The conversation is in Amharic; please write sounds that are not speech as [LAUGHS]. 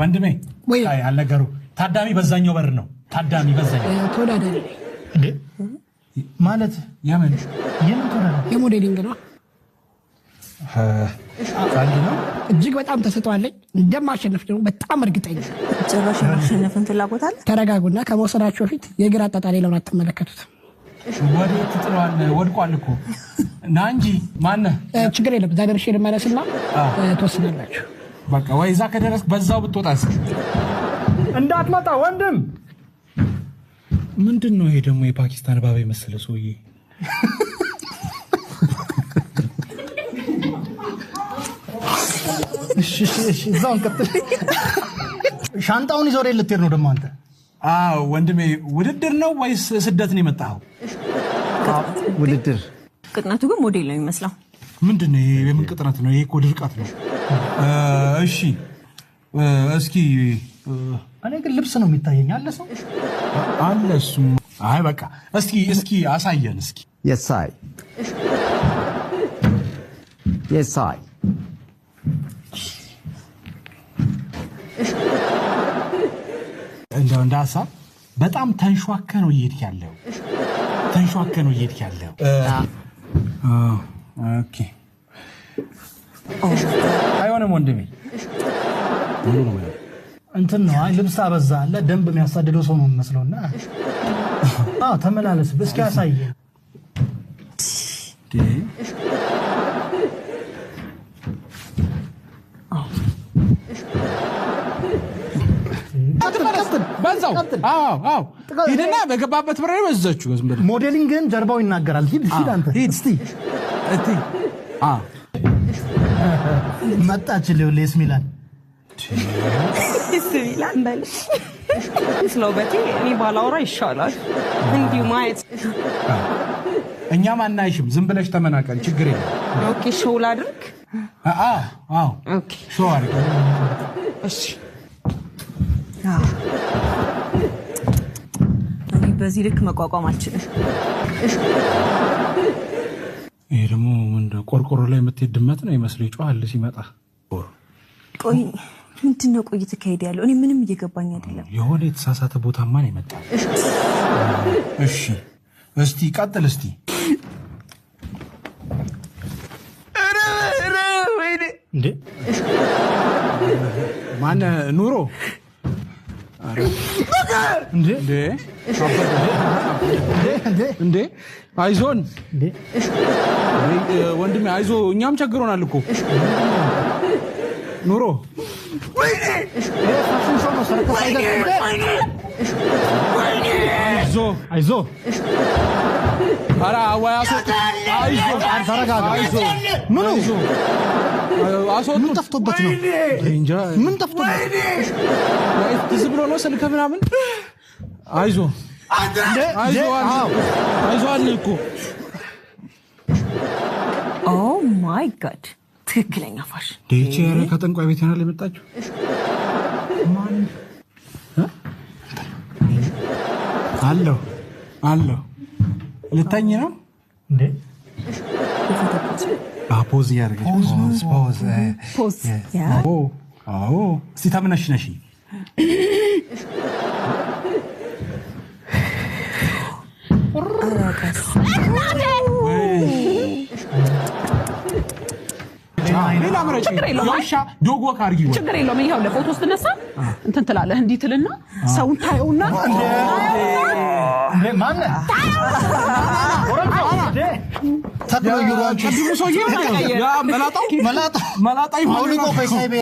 ወንድሜ አልነገሩ ታዳሚ በዛኛው በር ነው። ታዳሚ በዛኛው ተወዳዳሪ ማለት የምን የምን ተወዳዳሪ የሞዴሊንግ ነው እጅግ በጣም ተሰጠዋለኝ። እንደማሸነፍ ደግሞ በጣም እርግጠኛ ጭራሽ የማሸነፍን ፍላጎት አለ። ተረጋጉና ከመውሰዳችሁ በፊት የእግር አጣጣሪ ለምን አትመለከቱት? ወዴት ጥለዋል? ወድቋል እኮ ና እንጂ ማነህ። ችግር የለም እዛ ደርሼ ልመለስና ትወስናላችሁ። በቃ ወይ እዛ ከደረስክ በዛው ብትወጣስ? እንዳትመጣ ወንድም። ምንድን ነው ይሄ ደግሞ የፓኪስታን ባባ የመሰለ ሰውዬ? እዛውን ቀጥል። ሻንጣውን ይዞ ወዴት ልትሄድ ነው ደሞ አንተ? አዎ ወንድሜ፣ ውድድር ነው ወይስ ስደት ነው የመጣኸው? ውድድር። ቅጥነቱ ግን ሞዴል ነው የሚመስለው። ምንድን ነው የምን ቅጥነት ነው? ይሄ እኮ ድርቀት ነው። እሺ፣ እስኪ እኔ ግን ልብስ ነው የሚታየኝ። አለ ሰው አለ። እሱም አይ በቃ እስኪ እስኪ አሳየን እስኪ። የሳይ የሳይ እንደው እንደ ሀሳብ በጣም ተንሸዋከ ነው እየሄድክ ያለው፣ ተንሸዋከ ነው እየሄድክ ያለው። አይሆንም ወንድሜ እንትን ነው ልብስ አበዛ አለ ደንብ የሚያሳድደው ሰው ነው የሚመስለውና፣ አዎ ተመላለስ እስኪ ያሳየ ሂድና በገባበት ብር በዘች ሞዴሊንግን ጀርባው ይናገራል። ሂድ ሂድ፣ አንተ ሂድ ሊሆን ሌስ ሚላን ስ ይላል በል እኔ ባላውራ ይሻላል። እንዲሁ [LAUGHS] ማየት እኛም አናይሽም። ዝም ብለሽ ተመናቀል፣ ችግር የለም። ሾው ላድርግ። ሾው አድርግ። እኔ በዚህ ልክ መቋቋም አልችልም። ይሄ ደግሞ ቆርቆሮ ላይ የምትሄድ ድመት ነው ይመስል ይጮሃል ሲመጣ ቆይ ምንድን ነው ቆይ ተካሄደ ያለው? እኔ ምንም እየገባኝ አይደለም። የሆነ የተሳሳተ ቦታ ማን የመጣው። እሺ እስቲ ቀጥል እስቲ እንዴ ማነ ኑሮ እንዴ አይዞን ወንድሜ አይዞ፣ እኛም ቸግሮናል እኮ نوروه ويني عايزوه عايزوه ارا واسو عايزوه عارف عايزوه منو عايزوه من تفطبت من تفطبت تزبرو نوصل اللي كان بنعمل عايزوه آه. عايزوه عايزوه عايزوه oh اوه ماي جاد ትክክለኛ ፋሽ ደቼ ያረ ከጠንቋይ ቤት ናል የመጣችው አለሁ አለሁ ልታኝ ነው እንዴ? ፖዝ እያደረገች አዎ። እስቲ ነሽ ችግር የለውም። ይኸው ለፎቶ ስትነሳ እንትን ትላለህ እንዲህ ትልና ሰውን ታየውና መላጣ